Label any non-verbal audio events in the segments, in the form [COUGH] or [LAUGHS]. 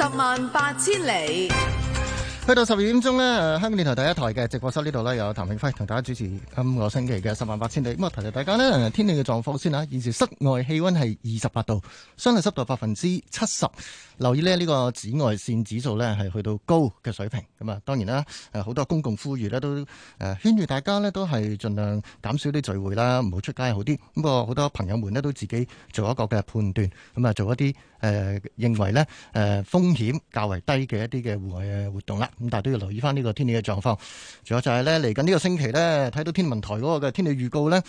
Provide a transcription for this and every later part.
十萬八千里。去到十二點鐘呢，香港電台第一台嘅直播室呢度呢，有譚永輝同大家主持今個星期嘅十萬八千里。咁啊，提提大家呢，天氣嘅狀況先吓。現時室外氣溫係二十八度，相對濕度百分之七十。留意呢呢個紫外線指數呢，係去到高嘅水平。咁啊，當然啦，誒，好多公共呼籲呢，都誒，勸喻大家呢，都係盡量減少啲聚會啦，唔好出街好啲。咁個好多朋友們呢，都自己做一個嘅判斷，咁啊，做一啲誒、呃、認為呢誒風險較為低嘅一啲嘅戶外嘅活動啦。咁但係都要留意翻呢個天氣嘅狀況，仲有就係咧嚟緊呢個星期咧，睇到天文台嗰個嘅天氣預告咧，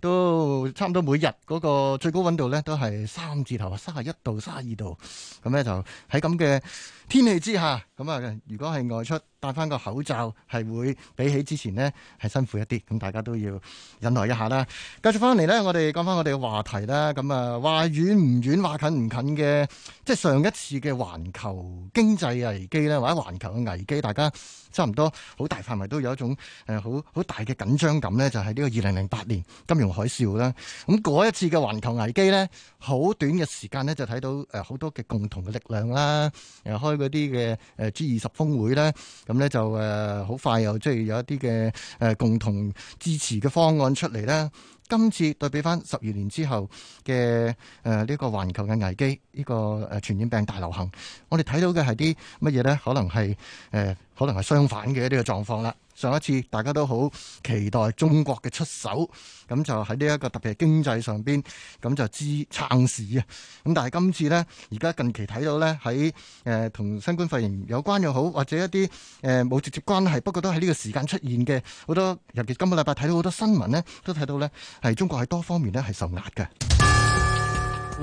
都差唔多每日嗰個最高温度咧都係三字頭啊，三十一度、三十二度，咁咧就喺咁嘅天氣之下，咁啊如果係外出。戴翻個口罩係會比起之前呢係辛苦一啲，咁大家都要忍耐一下啦。繼續翻嚟呢，我哋講翻我哋嘅話題啦。咁啊話遠唔遠話近唔近嘅，即係上一次嘅環球經濟危機咧，或者環球嘅危機，大家差唔多好大範圍都有一種誒好好大嘅緊張感呢，就係、是、呢個二零零八年金融海嘯啦。咁嗰一次嘅環球危機呢，好短嘅時間呢，就睇到誒好多嘅共同嘅力量啦，開嗰啲嘅誒 G 二十峰會咧。咁咧就誒好快又即係有一啲嘅誒共同支持嘅方案出嚟咧。今次對比翻十二年之後嘅誒呢個環球嘅危機，呢個誒傳染病大流行，我哋睇到嘅係啲乜嘢咧？可能係誒可能係相反嘅一啲嘅狀況啦。上一次大家都好期待中國嘅出手，咁就喺呢一個特別經濟上邊，咁就支撐市啊。咁但係今次呢，而家近期睇到呢，喺誒同新冠肺炎有關又好，或者一啲誒冇直接關係，不過都喺呢個時間出現嘅好多。尤其今個禮拜睇到好多新聞呢，都睇到呢，係中國係多方面呢係受壓嘅。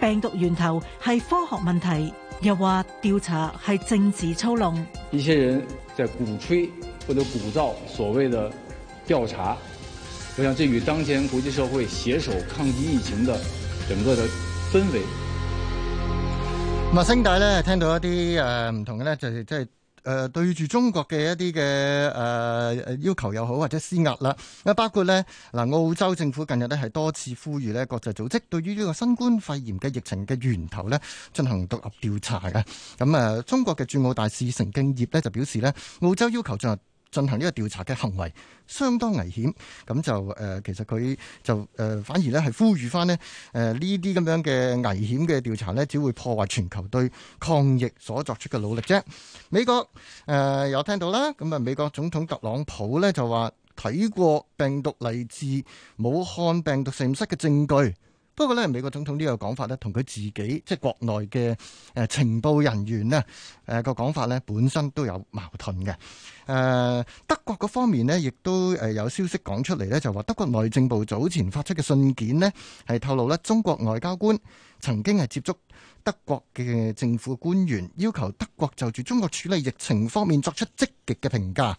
病毒源頭係科學問題，又話調查係政治操弄。一些人在鼓吹或者鼓噪所謂的調查，我想這與當前國際社會攜手抗擊疫情的整個的氛圍。咁啊，聲帶咧聽到一啲誒唔同嘅咧，就係即係。就是誒、呃、對住中國嘅一啲嘅誒要求又好，或者施壓啦。啊，包括呢嗱，澳洲政府近日咧係多次呼籲呢國際組織對於呢個新冠肺炎嘅疫情嘅源頭呢進行獨立調查嘅。咁、嗯呃、中國嘅駐澳大使成敬業呢就表示呢澳洲要求進入。進行呢個調查嘅行為相當危險，咁就誒其實佢就誒反而咧係呼籲翻咧誒呢啲咁樣嘅危險嘅調查呢只會破壞全球對抗疫所作出嘅努力啫。美國誒、呃、有聽到啦，咁啊美國總統特朗普呢，就話睇過病毒嚟自武漢病毒實驗室嘅證據。不過咧，美國總統呢個講法呢，同佢自己即係國內嘅誒情報人員呢誒個講法呢本身都有矛盾嘅。誒德國嗰方面呢，亦都誒有消息講出嚟呢，就話德國內政部早前發出嘅信件呢，係透露呢中國外交官曾經係接觸德國嘅政府官員，要求德國就住中國處理疫情方面作出積極嘅評價。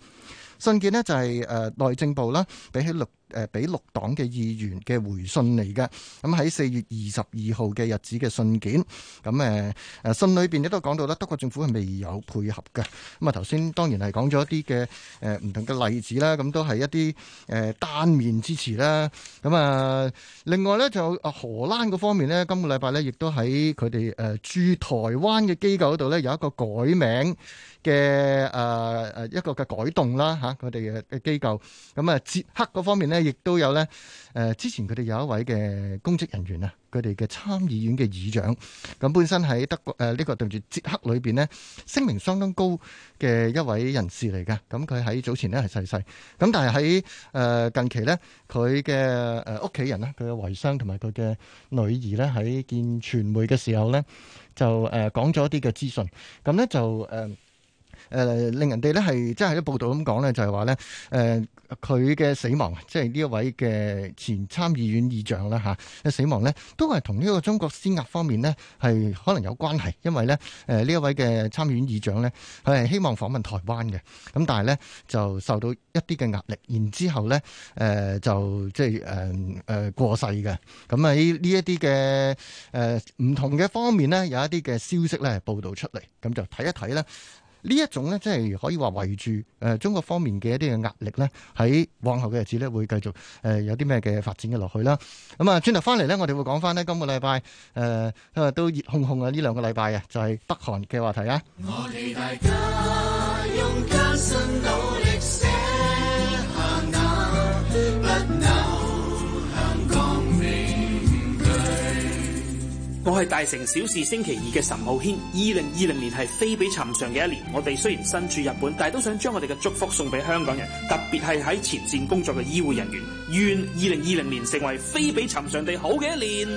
信件呢，就係誒內政部啦，比起六，誒俾六黨嘅議員嘅回信嚟嘅，咁喺四月二十二號嘅日子嘅信件，咁誒誒信裏邊亦都講到咧，德國政府係未有配合嘅，咁啊頭先當然係講咗一啲嘅誒唔同嘅例子啦，咁都係一啲誒、呃、單面支持啦，咁啊另外咧就荷蘭嗰方面咧，今個禮拜咧亦都喺佢哋誒駐台灣嘅機構度咧有一個改名嘅誒誒一個嘅改動啦嚇，佢哋嘅嘅機構，咁啊捷克嗰方面咧。亦都有咧，誒、呃、之前佢哋有一位嘅公職人員啊，佢哋嘅參議院嘅議長，咁本身喺德國誒呢、呃這個對住捷克裏邊呢，聲名相當高嘅一位人士嚟嘅，咁佢喺早前呢係逝世，咁但係喺誒近期呢，佢嘅誒屋企人咧，佢嘅遺孀同埋佢嘅女兒咧，喺見傳媒嘅時候咧，就誒、呃、講咗一啲嘅資訊，咁咧就誒。呃誒、呃、令人哋咧係即係啲報道咁講咧，就係話咧誒佢嘅死亡，即係呢一位嘅前參議院議長啦。吓、啊，嘅死亡呢都係同呢個中國施壓方面呢係可能有關係，因為咧誒呢一、呃、位嘅參議院議長佢係希望訪問台灣嘅，咁但係呢，就受到一啲嘅壓力，然之後呢，誒、呃、就即係誒誒過世嘅，咁喺呢一啲嘅誒唔同嘅方面呢，有一啲嘅消息咧報道出嚟，咁就睇一睇呢呢一種咧，即係可以話圍住誒中國方面嘅一啲嘅壓力咧，喺往後嘅日子咧，會繼續誒有啲咩嘅發展嘅落去啦。咁啊，轉頭翻嚟咧，我哋會講翻呢。今個禮拜誒都熱烘烘啊！呢兩個禮拜啊，就係北韓嘅話題啊。我我係大城小事星期二嘅岑浩軒，二零二零年係非比尋常嘅一年。我哋雖然身處日本，但係都想將我哋嘅祝福送俾香港人，特別係喺前線工作嘅醫護人員。願二零二零年成為非比尋常地好嘅一年。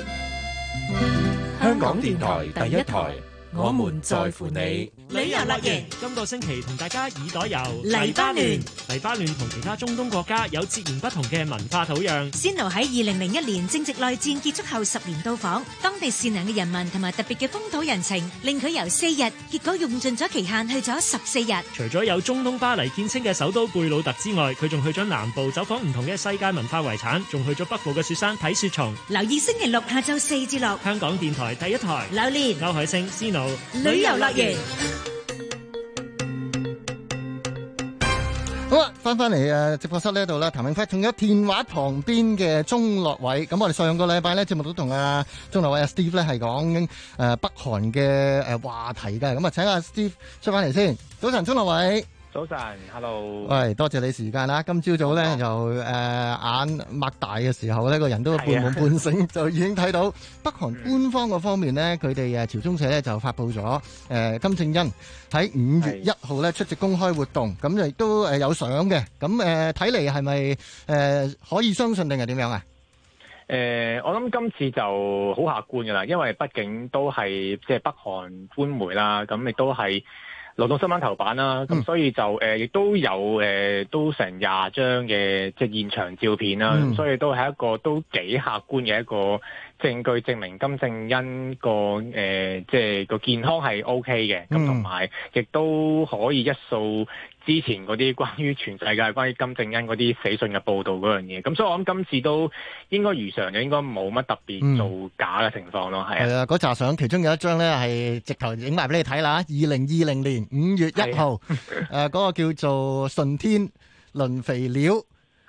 香港電台第一台，我們在乎你。旅遊樂園，今個星期同大家耳朵遊黎巴嫩。黎巴嫩同其他中東國家有截然不同嘅文化土壤。仙奴喺二零零一年正值內戰結束後十年到訪當地，善良嘅人民同埋特別嘅風土人情，令佢由四日結果用盡咗期限去咗十四日。除咗有中東巴黎見稱嘅首都貝魯特之外，佢仲去咗南部走訪唔同嘅世界文化遺產，仲去咗北部嘅雪山睇雪松。留意星期六下晝四至六，香港電台第一台。劉念、歐海星、仙奴，旅遊樂園。好啦，翻翻嚟誒直播室呢度啦，譚詠麟同咗電話旁邊嘅鍾樂偉，咁我哋上個禮拜咧節目都同阿鍾樂偉阿 Steve 咧係講誒北韓嘅誒話題嘅，咁啊請阿 Steve 出翻嚟先，早晨鍾樂偉。早晨，hello。喂，多謝你時間啦。今朝早咧，又誒眼擘大嘅時候咧，個人都會半夢半醒，就已經睇到北韓官方個方面咧，佢哋誒朝中社咧就發布咗誒金正恩喺五月一號咧出席公開活動，咁亦都誒有相嘅。咁誒睇嚟係咪誒可以相信定係點樣啊？誒，我諗今次就好客觀㗎喇，因為畢竟都係即係北韓官媒啦，咁亦都係。勞動新聞頭版啦、啊，咁所以就誒亦、呃、都有誒、呃、都成廿張嘅即係現場照片啦、啊，嗯、所以都係一個都幾客觀嘅一個證據，證明金正恩個誒、呃、即係個健康係 O K 嘅，咁同埋亦都可以一數。之前嗰啲關於全世界、關於金正恩嗰啲死訊嘅報導嗰樣嘢，咁所以我諗今次都應該如常嘅，應該冇乜特別造假嘅情況咯，係啊。係啊，嗰集相其中有一張咧係直頭影埋俾你睇啦，二零二零年五月一號，嗰是、啊呃嗰個叫做順天磷肥料。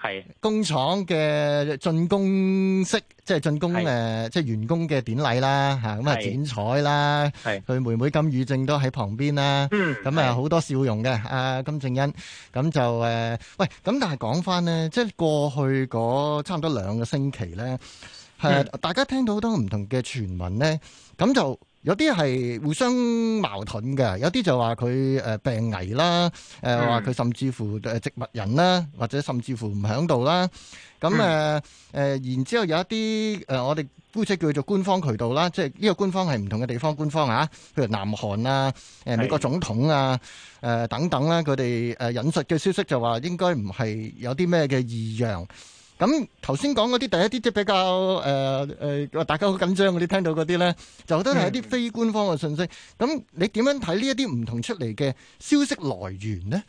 係工廠嘅竣工式，即係竣工誒，即係員工嘅典禮啦，吓咁啊，剪彩啦，係佢妹妹金與正都喺旁邊啦，咁啊好多笑容嘅，阿金正恩，咁就誒，喂，咁但係講返咧，即係過去嗰差唔多兩個星期咧，係、嗯、大家聽到好多唔同嘅傳聞咧，咁就。有啲係互相矛盾嘅，有啲就話佢病危啦，誒話佢甚至乎植物人啦，或者甚至乎唔響度啦。咁誒、嗯呃、然之後有一啲誒、呃，我哋姑且叫做官方渠道啦，即係呢個官方係唔同嘅地方官方啊，譬如南韓啊、呃、美國總統啊、呃、等等啦、啊，佢哋誒引述嘅消息就話應該唔係有啲咩嘅異樣。咁頭先講嗰啲第一啲即係比較誒、呃呃、大家好緊張嗰啲聽到嗰啲咧，就都係一啲非官方嘅信息。咁、嗯、你點樣睇呢一啲唔同出嚟嘅消息來源咧？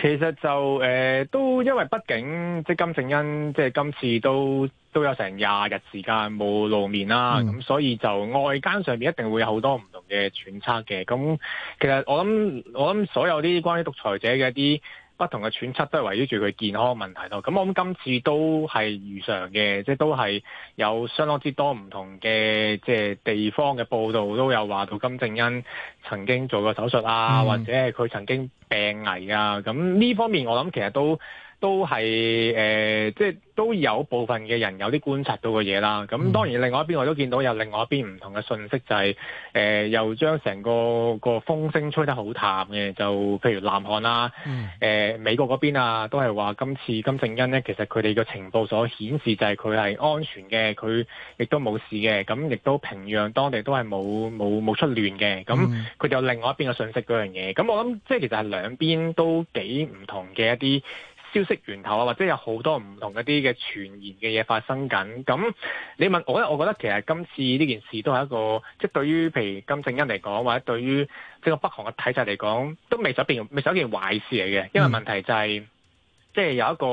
其實就誒、呃，都因為畢竟即係金正恩，即係今次都都有成廿日時間冇露面啦。咁、嗯、所以就外間上面一定會有好多唔同嘅揣測嘅。咁其實我諗，我諗所有啲關於獨裁者嘅一啲。不同嘅揣測都係圍繞住佢健康問題多，咁我諗今次都係如常嘅，即係都係有相當之多唔同嘅即係地方嘅報道都有話到金正恩曾經做過手術啊，或者係佢曾經病危啊，咁呢方面我諗其實都。都係誒、呃，即係都有部分嘅人有啲觀察到嘅嘢啦。咁當然另外一邊，我都見到有另外一邊唔同嘅信息、就係，就係誒又將成個個風聲吹得好淡嘅，就譬如南韓啦、啊，誒、嗯呃、美國嗰邊啊，都係話今次金正恩呢，其實佢哋嘅情報所顯示就係佢係安全嘅，佢亦都冇事嘅，咁亦都平壤當地都係冇冇冇出亂嘅。咁佢就另外一邊嘅信息嗰樣嘢。咁我諗即係其實係兩邊都幾唔同嘅一啲。消息源頭啊，或者有好多唔同嘅啲嘅傳言嘅嘢發生緊。咁你問我咧，我覺得其實今次呢件事都係一個，即係對於譬如金正恩嚟講，或者對於整個北韓嘅體制嚟講，都未使變，未使一件壞事嚟嘅。因為問題就係、是。嗯即係有一個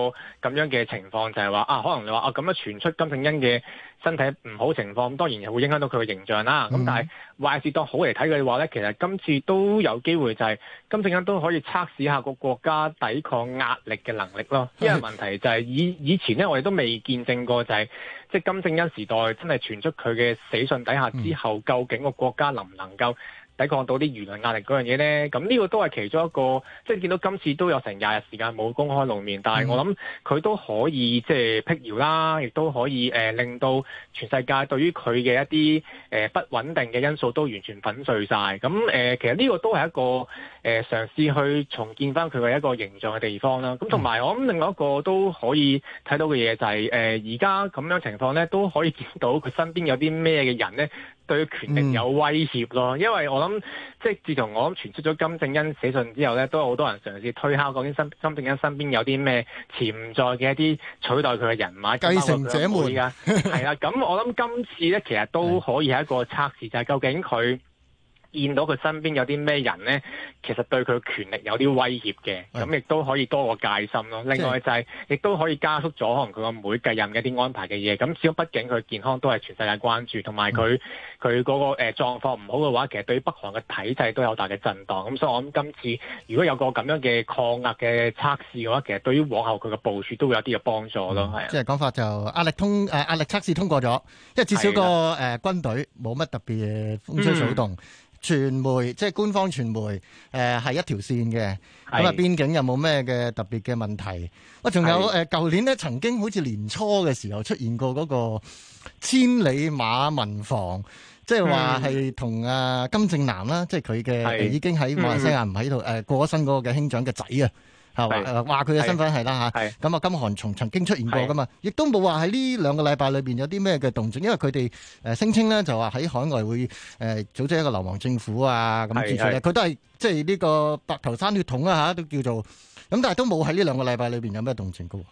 咁樣嘅情況，就係、是、話啊，可能你話啊咁樣傳出金正恩嘅身體唔好情況，咁當然又會影響到佢嘅形象啦。咁、mm hmm. 但係壞事當好嚟睇嘅話呢，其實今次都有機會就係、是、金正恩都可以測試下個國家抵抗壓力嘅能力咯。因為問題就係、是、以以前呢，我哋都未見證過、就是，就係即係金正恩時代真係傳出佢嘅死訊底下、mm hmm. 之後，究竟個國家能唔能夠抵抗到啲輿論壓力嗰樣嘢呢，咁呢個都係其中一個，即係見到今次都有成廿日時間冇公開露面，但係我諗佢都可以即係辟謠啦，亦都可以誒、呃、令到全世界對於佢嘅一啲誒、呃、不穩定嘅因素都完全粉碎晒。咁誒、呃，其實呢個都係一個誒、呃、嘗試去重建翻佢嘅一個形象嘅地方啦。咁同埋我諗另外一個都可以睇到嘅嘢就係誒而家咁樣情況呢，都可以見到佢身邊有啲咩嘅人呢。對權力有威脅咯，嗯、因為我諗即係自從我諗傳出咗金正恩死訊之後咧，都有好多人嘗試推敲究竟身金正恩身邊有啲咩潛在嘅一啲取代佢嘅人馬繼承者們，係 [LAUGHS] 啦，咁我諗今次咧其實都可以係一個測試，的就係究竟佢。見到佢身邊有啲咩人咧，其實對佢權力有啲威脅嘅，咁亦都可以多個戒心咯。的另外就係亦都可以加速咗可能佢個妹繼任嘅一啲安排嘅嘢。咁，始終畢竟佢健康都係全世界關注，同埋佢佢嗰個狀、呃、狀況唔好嘅話，其實對於北韓嘅體制都有大嘅震盪。咁所以我諗今次如果有個咁樣嘅抗壓嘅測試嘅話，其實對於往後佢嘅部署都會有啲嘅幫助咯。嗯、的即係講法就壓力通誒壓力測試通過咗，因為至少個的、呃呃、軍隊冇乜特別嘅風吹草動。嗯傳媒即係官方傳媒，誒、呃、係一條線嘅。咁啊，邊境有冇咩嘅特別嘅問題？我、啊、仲有誒，舊、呃、是的 年咧曾經好似年初嘅時候出現過嗰個千里馬民防，即係話係同阿金正男啦，是的 即係佢嘅已經喺馬來西亞唔喺度，誒、呃、過咗身嗰個嘅兄長嘅仔啊。係話佢嘅身份係啦嚇，咁啊金韓松曾經出現過噶嘛，亦都冇話喺呢兩個禮拜裏邊有啲咩嘅動靜，因為佢哋誒聲稱咧就話喺海外會誒組織一個流亡政府啊咁之類，佢都係即係呢個白頭山血統啊嚇，都叫做咁，但係都冇喺呢兩個禮拜裏邊有咩動靜噶喎。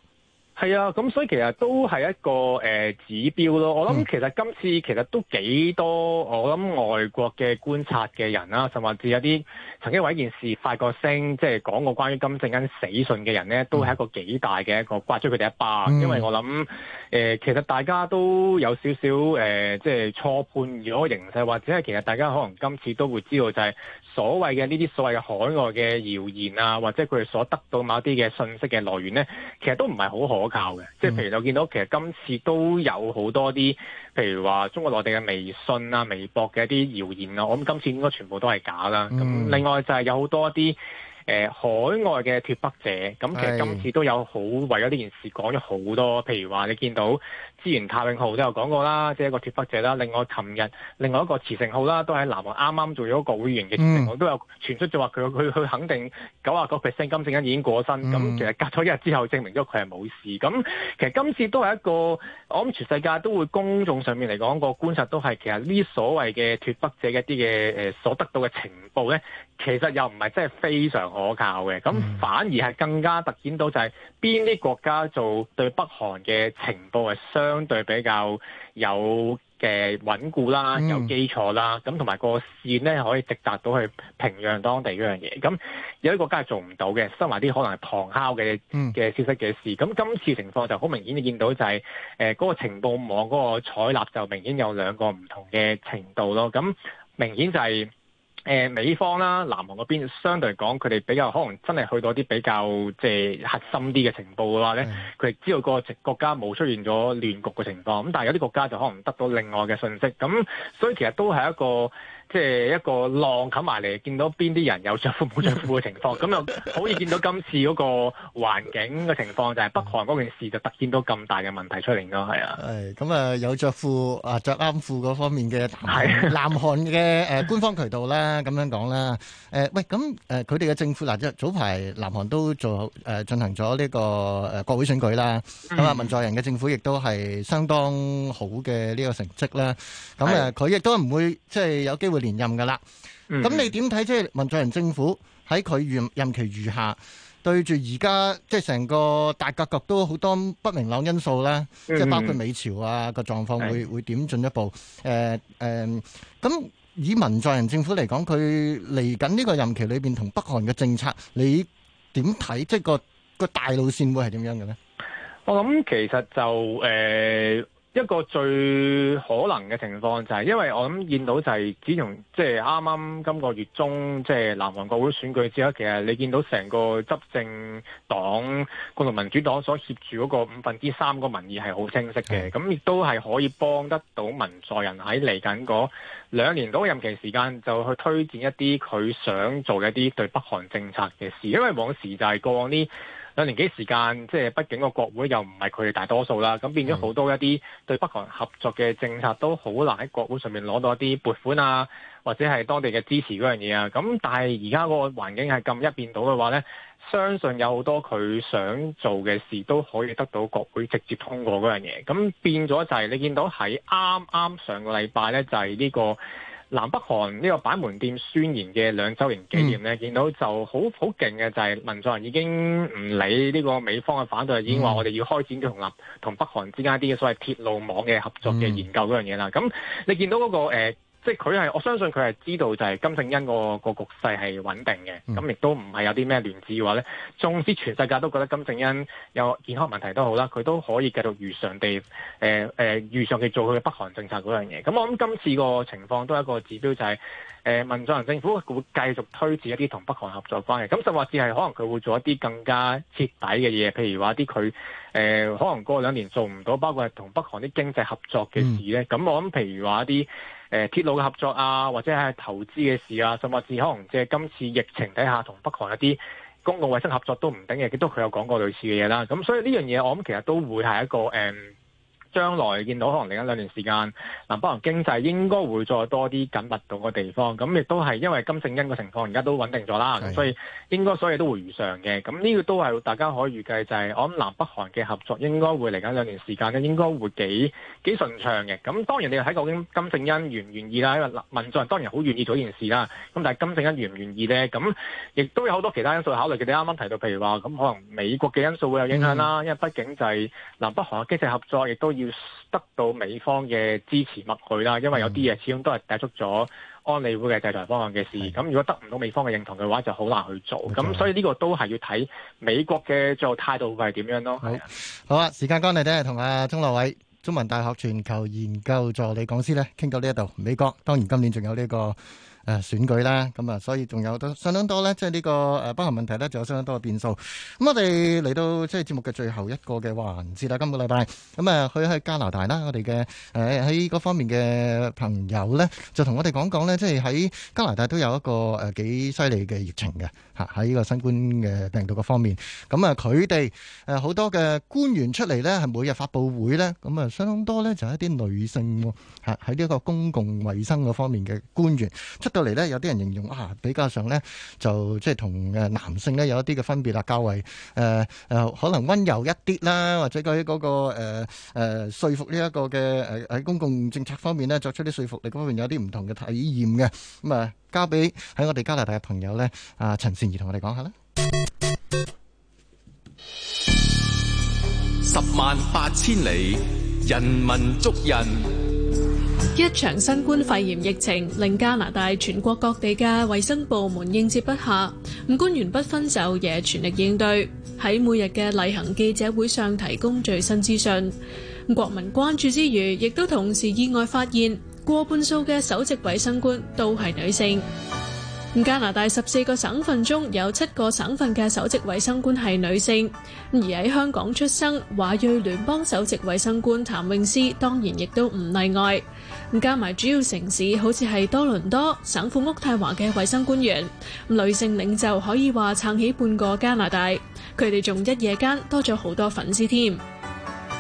係啊，咁所以其實都係一個誒、呃、指標咯。我諗其實今次其實都幾多，我諗外國嘅觀察嘅人啦、啊，甚至有啲曾經為一件事發過聲，即係講過關於金正恩死訊嘅人咧，都係一個幾大嘅一個刮咗佢哋一巴，嗯、因為我諗。誒、呃，其實大家都有少少誒，即、呃、係、就是、錯判咗形勢，或者係其實大家可能今次都會知道，就係所謂嘅呢啲所謂嘅海外嘅謠言啊，或者佢哋所得到某一啲嘅信息嘅來源呢，其實都唔係好可靠嘅。即係、嗯、譬如我見到，其實今次都有好多啲，譬如話中國內地嘅微信啊、微博嘅一啲謠言啊，我諗今次應該全部都係假啦。咁、嗯、另外就係有好多啲。誒，海外嘅脫北者，咁其實今次都有好為咗呢件事講咗好多，譬、哎、如話你見到資源太永浩都有講過啦，即、就、係、是、一個脫北者啦。另外，琴日另外一個池成浩啦，都喺南韓啱啱做咗一個議員嘅池成浩，嗯、都有傳出咗話佢佢佢肯定九十個 percent 金正恩已經過身，咁、嗯、其實隔咗一日之後證明咗佢係冇事。咁其實今次都係一個，我諗全世界都會公眾上面嚟講、那個觀察都係，其實呢所謂嘅脫北者一啲嘅、呃、所得到嘅情報咧。其實又唔係真係非常可靠嘅，咁反而係更加突顯到就係邊啲國家做對北韓嘅情報係相對比較有嘅穩固啦，嗯、有基礎啦，咁同埋個線咧可以直達到去平壤當地嗰樣嘢。咁有啲國家係做唔到嘅，收埋啲可能係旁敲嘅嘅消息嘅事。咁今次情況就好明顯你見到就係誒嗰個情報網嗰個採納就明顯有兩個唔同嘅程度咯。咁明顯就係、是。誒美方啦，南韓嗰邊相對嚟講，佢哋比較可能真係去到啲比較即係核心啲嘅情報嘅話呢，佢哋知道個國家冇出現咗亂局嘅情況。咁但係有啲國家就可能得到另外嘅信息。咁所以其實都係一個。即係一個浪冚埋嚟，見到邊啲人有著褲冇著褲嘅情況，咁又好易見到今次嗰個環境嘅情況，就係北韓嗰件事就突見到咁大嘅問題出嚟咯，係啊。誒咁啊，有著褲啊著啱褲嗰方面嘅。係南韓嘅誒官方渠道啦，咁樣講啦，誒喂，咁誒佢哋嘅政府嗱，即早排南韓都做誒進行咗呢個誒國會選舉啦，咁啊文在寅嘅政府亦都係相當好嘅呢個成績啦。咁誒佢亦都唔會即係有機會。連任噶啦，咁、嗯、你點睇即係文在寅政府喺佢任任期餘下，對住而家即係成個大格局都好多不明朗因素咧，即係、嗯、包括美朝啊個狀況會的會點進一步？誒、呃、誒、咁、呃、以文在寅政府嚟講，佢嚟緊呢個任期裏邊同北韓嘅政策，你點睇即係個個大路綫會係點樣嘅呢？我諗其實就誒。呃一個最可能嘅情況就係，因為我諗見到就係，自從即係啱啱今個月中即係南韓國會選舉之後，其實你見到成個執政黨共同民主黨所協助嗰個五分之三個民意係好清晰嘅，咁亦的都係可以幫得到文在寅喺嚟緊嗰兩年嗰個任期時間，就去推薦一啲佢想做一啲對北韓政策嘅事，因為往時就係過往呢。兩年幾時間，即係畢竟個國會又唔係佢哋大多數啦，咁變咗好多一啲對北韓合作嘅政策都好難喺國會上面攞到一啲撥款啊，或者係當地嘅支持嗰樣嘢啊。咁但係而家嗰個環境係咁一邊倒嘅話呢，相信有好多佢想做嘅事都可以得到國會直接通過嗰樣嘢。咁變咗就係你見到喺啱啱上個禮拜呢，就係呢個。南北韓呢個板門店宣言嘅兩周年紀念咧，嗯、見到就好好勁嘅就係、是、民眾人已經唔理呢個美方嘅反對，已經話我哋要開展同南同北韓之間啲嘅所謂鐵路網嘅合作嘅研究嗰樣嘢啦。咁你見到嗰、那個、呃即係佢係，我相信佢係知道就係金正恩個、嗰個局勢係穩定嘅，咁亦都唔係有啲咩亂子嘅話咧。縱使全世界都覺得金正恩有健康問題都好啦，佢都可以繼續如常地誒誒、呃呃、如常地做佢嘅北韓政策嗰樣嘢。咁我諗今次個情況都係一個指標就係、是、誒、呃、文在寅政府會,會繼續推展一啲同北韓合作關係。咁就話只係可能佢會做一啲更加徹底嘅嘢，譬如話啲佢誒可能過兩年做唔到，包括係同北韓啲經濟合作嘅事咧。咁、嗯、我諗譬如話啲。誒、呃、鐵路嘅合作啊，或者係投資嘅事啊，甚至可能即係今次疫情底下同北韓一啲公共衛生合作都唔定嘅，亦都佢有講過類似嘅嘢啦。咁所以呢樣嘢我諗其實都會係一個、嗯將來見到可能嚟緊兩年時間，南北韓經濟應該會再多啲緊密度嘅地方。咁亦都係因為金正恩嘅情況而家都穩定咗啦，是所以應該所有嘢都會如常嘅。咁、這、呢個都係大家可以預計就係、是、我諗南北韓嘅合作應該會嚟緊兩年時間咧，應該會幾幾順暢嘅。咁當然你睇究竟金正恩願唔願意啦，因為民眾當然好願意做呢件事啦。咁但係金正恩願唔願意呢？咁亦都有好多其他因素考慮。佢哋啱啱提到，譬如話咁可能美國嘅因素會有影響啦，嗯、因為畢竟就係南北韓嘅經濟合作亦都要。得到美方嘅支持默許啦，因為有啲嘢始終都係提出咗安理會嘅制裁方案嘅事。咁是的 如果得唔到美方嘅認同嘅話，就好難去做。咁錯所以呢個都係要睇美國嘅做態度會係點樣咯。好，的好，好啦、啊，時間關係咧，同阿鍾樂偉，中文大學全球研究助理講師咧，傾到呢一度，美國當然今年仲有呢、這個。誒選舉啦，咁啊，所以仲有相當多咧，即係呢個誒北韓問題咧，就有相當多嘅變數。咁我哋嚟到即係節目嘅最後一個嘅環節啦，今個禮拜咁啊，佢喺加拿大啦，我哋嘅誒喺嗰方面嘅朋友咧，就同我哋講講咧，即係喺加拿大都有一個誒幾犀利嘅疫情嘅嚇喺呢個新冠嘅病毒嘅方面。咁啊，佢哋誒好多嘅官員出嚟咧，係每日發佈會咧，咁啊相當多咧，就係一啲女性喺呢一個公共衞生嗰方面嘅官員出，出嚟咧，有啲人形容啊，比較上咧就即係同誒男性咧有一啲嘅分別啦，較為誒誒可能溫柔一啲啦，或者嗰啲嗰個誒誒說服呢一個嘅誒喺公共政策方面咧作出啲說服力，嗰方面有啲唔同嘅體驗嘅。咁啊，交俾喺我哋加拿大嘅朋友咧，阿陳善宜同我哋講下啦。十萬八千里，人文足印。一場新冠肺炎疫情令加拿大全國各地嘅衛生部門應接不暇，咁官員不分晝夜全力應對，喺每日嘅例行記者會上提供最新資訊。咁國民關注之餘，亦都同時意外發現，過半數嘅首席衛生官都係女性。咁加拿大十四個省份中有七個省份嘅首席衛生官係女性，而喺香港出生華裔聯邦首席衛生官譚詠詩當然亦都唔例外。加埋主要城市好似係多倫多、省府渥太華嘅衛生官員，女性領袖可以話撐起半個加拿大。佢哋仲一夜間多咗好多粉絲添，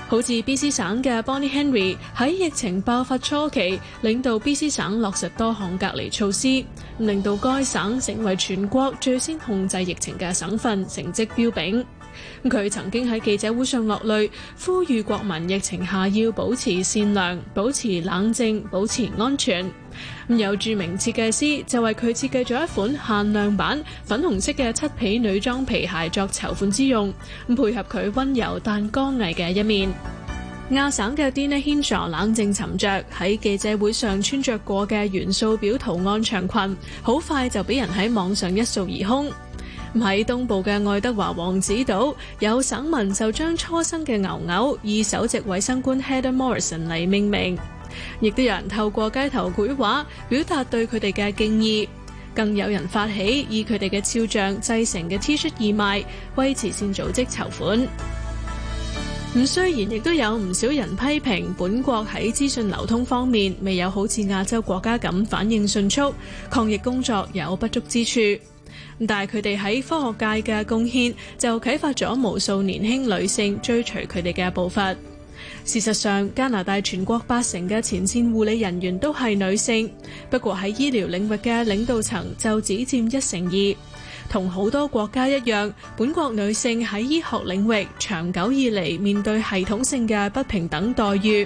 好似 B.C 省嘅 Bonnie Henry 喺疫情爆發初期領導 B.C 省落實多項隔離措施，令到該省成為全國最先控制疫情嘅省份，成績彪炳。佢曾經喺記者會上落淚，呼籲國民疫情下要保持善良、保持冷靜、保持安全。有著名設計師就為佢設計咗一款限量版粉紅色嘅漆皮女裝皮鞋作籌款之用，配合佢溫柔但剛毅嘅一面。亞省嘅 Dina Hinshaw 冷靜沉着喺記者會上穿着過嘅元素表圖，圖案長裙，好快就俾人喺網上一掃而空。喺東部嘅愛德華王子島，有省民就將初生嘅牛牛以首席衛生官 Heather Morrison 嚟命名，亦都有人透過街頭繪畫表達對佢哋嘅敬意，更有人發起以佢哋嘅肖像製成嘅 T 恤義賣，為慈善組織籌款。唔，雖然亦都有唔少人批評，本國喺資訊流通方面未有好似亞洲國家咁反應迅速，抗疫工作有不足之處。但係佢哋喺科學界嘅貢獻就啟發咗無數年輕女性追隨佢哋嘅步伐。事實上，加拿大全國八成嘅前線護理人員都係女性，不過喺醫療領域嘅領導層就只佔一成二。同好多國家一樣，本國女性喺醫學領域長久以嚟面對系統性嘅不平等待遇。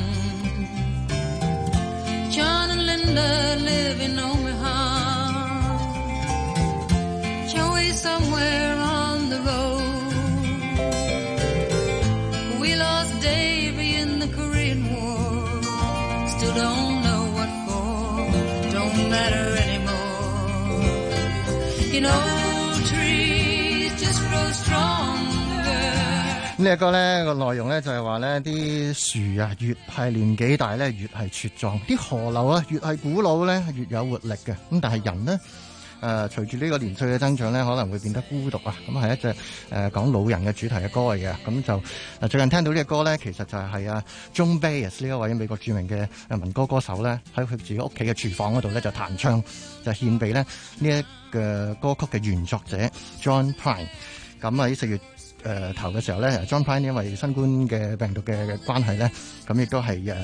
No tree just grows stronger. 呢一個咧個內容咧就係話咧啲樹啊越係年紀大咧越係茁壯，啲河流啊越係古老咧越有活力嘅，咁但係人咧。誒、啊、隨住呢個年歲嘅增長咧，可能會變得孤獨啊！咁係一隻誒、啊、講老人嘅主題嘅歌嚟嘅，咁、啊、就最近聽到呢個歌咧，其實就係啊，Joan Baez 呢一位美國著名嘅民歌歌手咧，喺佢自己屋企嘅廚房嗰度咧就彈唱，就獻俾咧呢一、這個歌曲嘅原作者 John Prine 咁、啊、喺四月。誒頭嘅時候咧，John Pine 因為新冠嘅病毒嘅關係咧，咁亦都係誒誒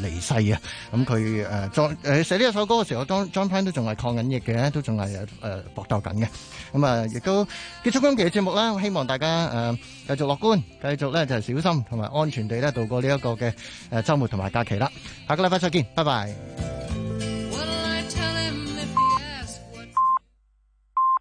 離世啊！咁佢誒在誒寫呢一首歌嘅時候，John Pine 都仲係抗緊疫嘅，都仲係誒搏鬥緊嘅。咁啊，亦都結束今期嘅節目啦！希望大家誒、呃、繼續樂觀，繼續咧就係、是、小心同埋安全地咧度過呢一個嘅誒週末同埋假期啦！下個禮拜再見，拜拜。